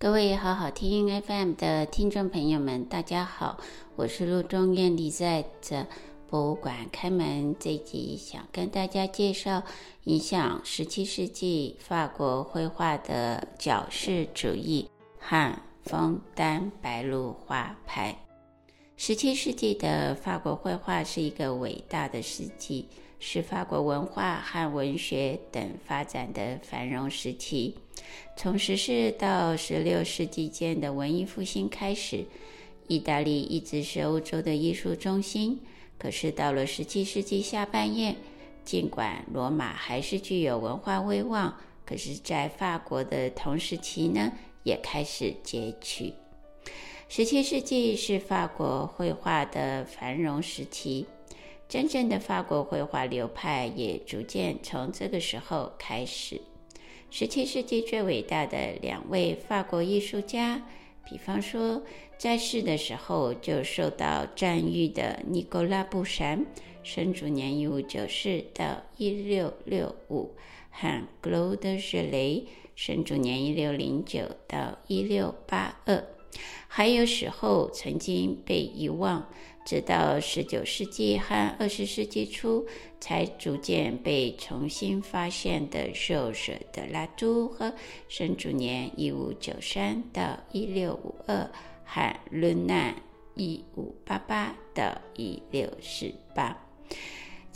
各位好好聽 FM 的聽眾朋友們，大家好，我是陸中燕麗在這博物館開門。這集想跟大家介紹影響十七世紀法國繪畫的矯飾主義和楓丹白露畫派。十七世紀的法國繪畫是一個偉大的世紀。是法國文化和文學等發展的繁榮時期。從十四到十六世紀間的文藝復興開始，意大利一直是歐洲的藝術中心。可是到了十七世紀下半葉，儘管羅馬還是具有文化威望，可是在法國的同時期呢，也開始崛起。十七世紀是法國繪畫的繁榮時期。真正的法國繪畫流派也逐漸從這個時候開始。17世紀最偉大的兩位法國藝術家，比方說在世的時候就受到讚譽的尼古拉·布珊，生卒年1594到1665，和格羅德熱雷，生卒年1609到1682。還有死後曾經被遺忘。直到19世紀和20世紀初，才逐漸被重新發現的喬治·德·拉圖爾和生卒年1593到1652，和勒南1588到1648。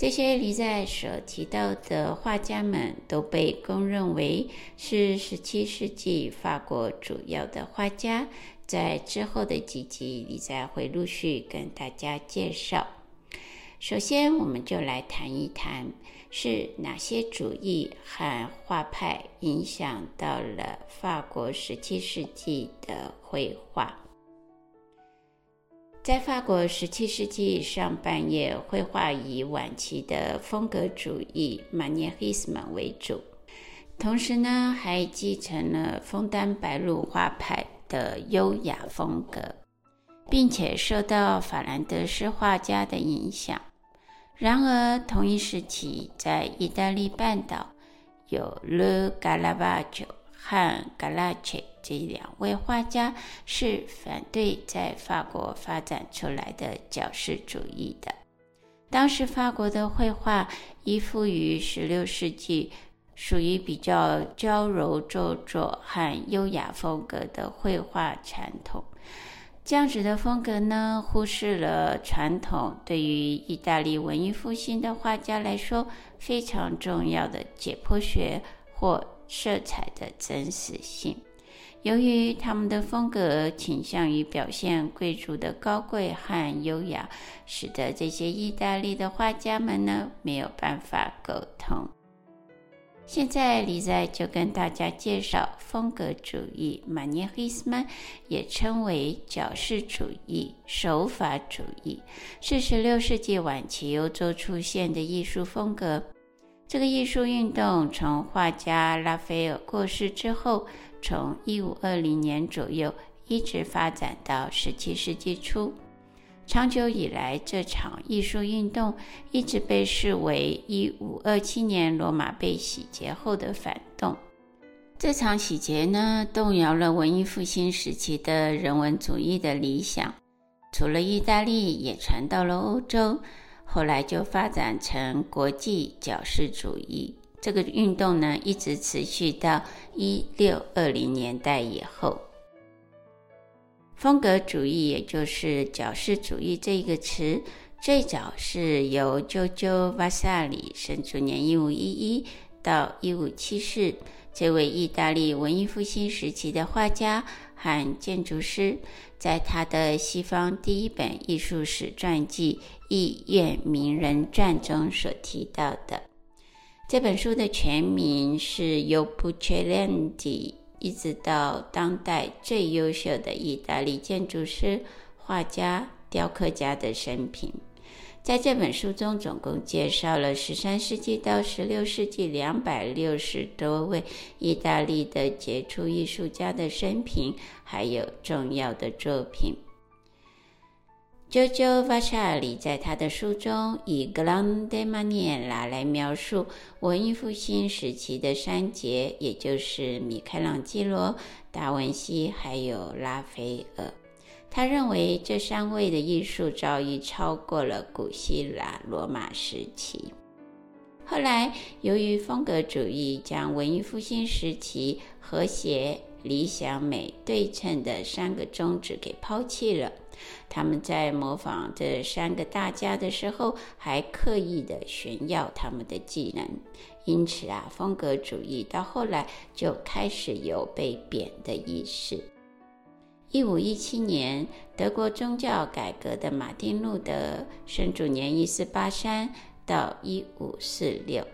這些你在所提到的畫家們都被公認為是17世紀法國主要的畫家，在之後的幾集，你在會陸續跟大家介紹。首先，我們就來談一談是哪些主義和畫派影響到了法國17世紀的繪畫。在法國十七世紀上半葉，繪畫以晚期的風格主義 maniérisme 為主，同時呢，還繼承了楓丹白露畫派的優雅風格，並且受到法蘭德斯畫家的影響。然而，同一時期在意大利半島，有 Le Caravage。和 Carrache 這兩位畫家是反對在法國發展出來的矯飾主義的。當時法國的繪畫依附於16世紀，屬於比較嬌柔、做作和優雅風格的繪畫傳統。這樣子的風格呢，忽視了傳統對於意大利文藝復興的畫家來說，非常重要的解剖學或。色彩的真實性，由於他們的風格傾向於表現貴族的高貴和優雅，使得這些意大利的畫家們呢沒有辦法溝通。現在李在就跟大家介紹風格主義馬尼黑斯 e 也稱為角式主義、手法主義，是十六世紀晚期歐洲出現的藝術風格。這個藝術運動從畫家拉斐爾過世之後，從一五二零年左右一直發展到十七世紀初。長久以來，這場藝術運動一直被視為一五二七年羅馬被洗劫後的反動。這場洗劫呢，動搖了文藝復興時期的人文主義的理想，除了意大利，也傳到了歐洲。後來就發展成國際矯飾主義。這個運動呢，一直持續到一六二零年代以後。風格主義，也就是矯飾主義這一個詞，最早是由 Giorgio Vasari（ 生卒年一五一一到一五七四）這位意大利文藝復興時期的畫家。和建築師在他的西方第一本藝術史傳記《藝苑名人傳》中所提到的。這本書的全名是由契馬布埃一直到當代最優秀的意大利建築師、畫家、雕刻家的生平。在這本書中，總共介紹了十三世紀到十六世紀兩百六十多位意大利的傑出藝術家的生平，還有重要的作品。喬喬·瓦薩里在他的書中以 Grande Maniera 來描述文藝復興時期的三傑，也就是米開朗基羅、達文西還有拉斐爾。他認為這三位的藝術造詣超過了古希臘羅馬時期。後來，由於風格主義將文藝復興時期和諧、理想美、對稱的三個宗旨給拋棄了，他們在模仿這三個大家的時候，還刻意的炫耀他們的技能。因此啊，風格主義到後來就開始有被貶的意識。一五一七年，德國宗教改革的馬丁·路德生卒年一四八三到一五四六，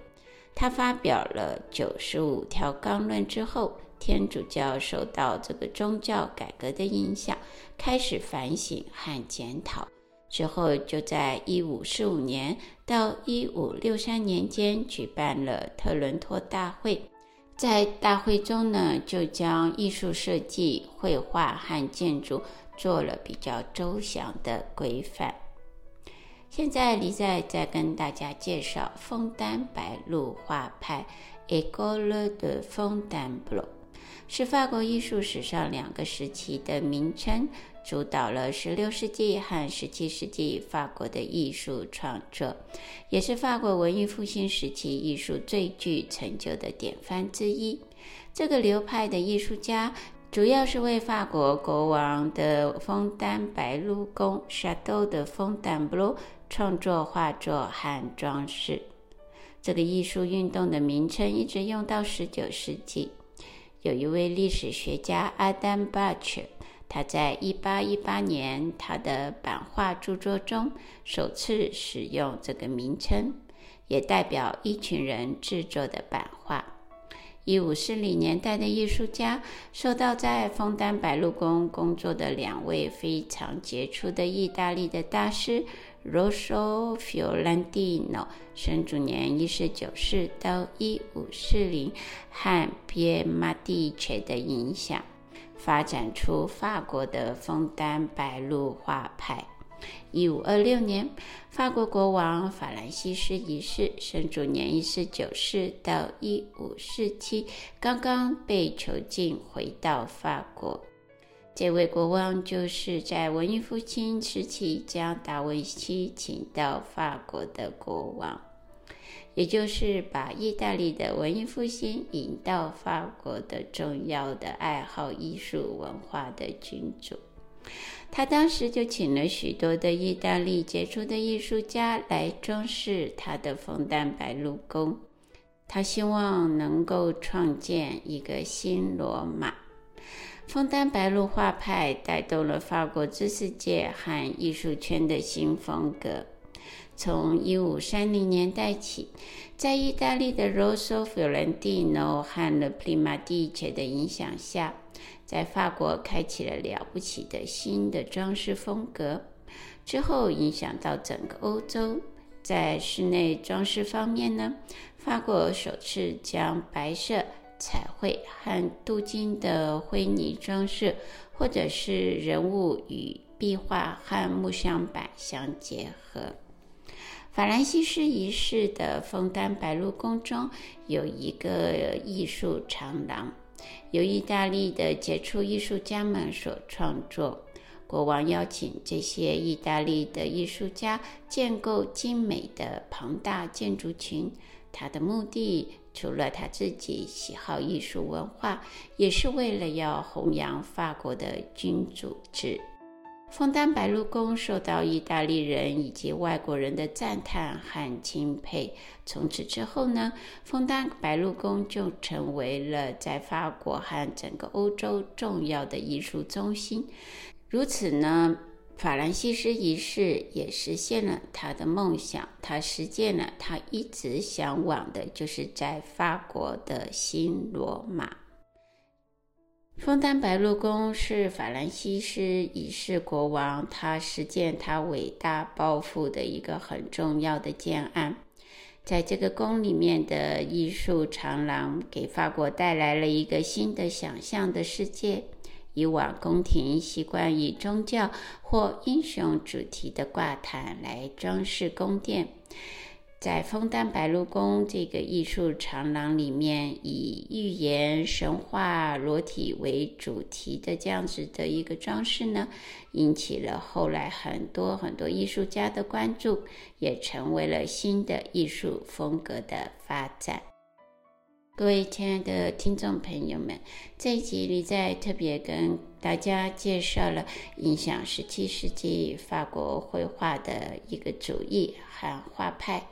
他發表了《九十五條綱論》之後，天主教受到這個宗教改革的影響，開始反省和檢討。之後，就在一五四五年到一五六三年間舉辦了特倫托大會。在大會中呢，就將藝術設計、繪畫和建築做了比較周詳的規範。現在李在再跟大家介紹楓丹白露畫派 École de Fontainebleau，是法國藝術史上兩個時期的名稱。主導了十六世紀和十七世紀法國的藝術創作，也是法國文藝復興時期藝術最具成就的典範之一。這個流派的藝術家主要是為法國國王的楓丹白露宮 c h a 楓丹布魯 d o b l e 創作畫作和裝飾。這個藝術運動的名稱一直用到十九世紀。有一位歷史學家阿丹巴爾。他在一八一八年，他的版畫著作中首次使用這個名稱，也代表一群人製作的版畫。一五四零年代的藝術家受到在楓丹白露宮工作的兩位非常傑出的意大利的大師 Rosso Fiorentino 生卒年一四九四到一五四零） 40, 和 Primaticce 的影響。發展出法國的楓丹白露畫派。一五二六年，法國國王法蘭西斯一世（生卒年一四九四到一五四七）剛剛被囚禁回到法國。這位國王就是在文藝復興時期將達文西請到法國的國王。也就是把意大利的文藝復興引到法國的重要的愛好藝術文化的君主，他當時就請了許多的意大利傑出的藝術家來裝飾他的楓丹白露宮，他希望能夠創建一個新羅馬。楓丹白露畫派帶動了法國知識界和藝術圈的新風格。從一五三零年代起，在意大利的 Rosso Fiorentino 和 Le Primaticce 的影響下，在法國開啟了了不起的新的裝飾風格，之後影響到整個歐洲。在室內裝飾方面呢，法國首次將白色彩繪和鍍金的灰泥裝飾，或者是人物與壁畫和木鑲板相結合。法蘭西斯一世的楓丹白露宮中有一個藝術長廊，由意大利的傑出藝術家們所創作。國王邀請這些意大利的藝術家建構精美的龐大建築群。他的目的除了他自己喜好藝術文化，也是為了要弘揚法國的君主制。楓丹白露宮受到意大利人以及外國人的讚嘆和欽佩。從此之後呢，楓丹白露宮就成為了在法國和整個歐洲重要的藝術中心。如此呢，法蘭西斯一世也實現了他的夢想，他實踐了他一直向往的，就是在法國的新羅馬。楓丹白露宮是法蘭西斯一世國王，他實踐他偉大抱負的一個很重要的建案，在這個宮裡面的藝術長廊給法國帶來了一個新的想象的世界。以往宮廷習慣以宗教或英雄主題的掛毯來裝飾宮殿。在楓丹白露宮這個藝術長廊裡面，以寓言、神話、裸體為主題的這樣子的一個裝飾呢，引起了後來很多很多藝術家的關注，也成為了新的藝術風格的發展。各位親愛的聽眾朋友們，這一集裡，在特別跟。大家介紹了影響17世紀法國繪畫的一個主義和畫派，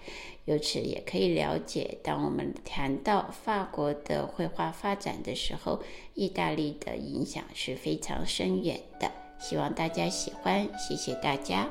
由此也可以了解，當我們談到法國的繪畫發展的時候，意大利的影響是非常深遠的。希望大家喜歡，謝謝大家。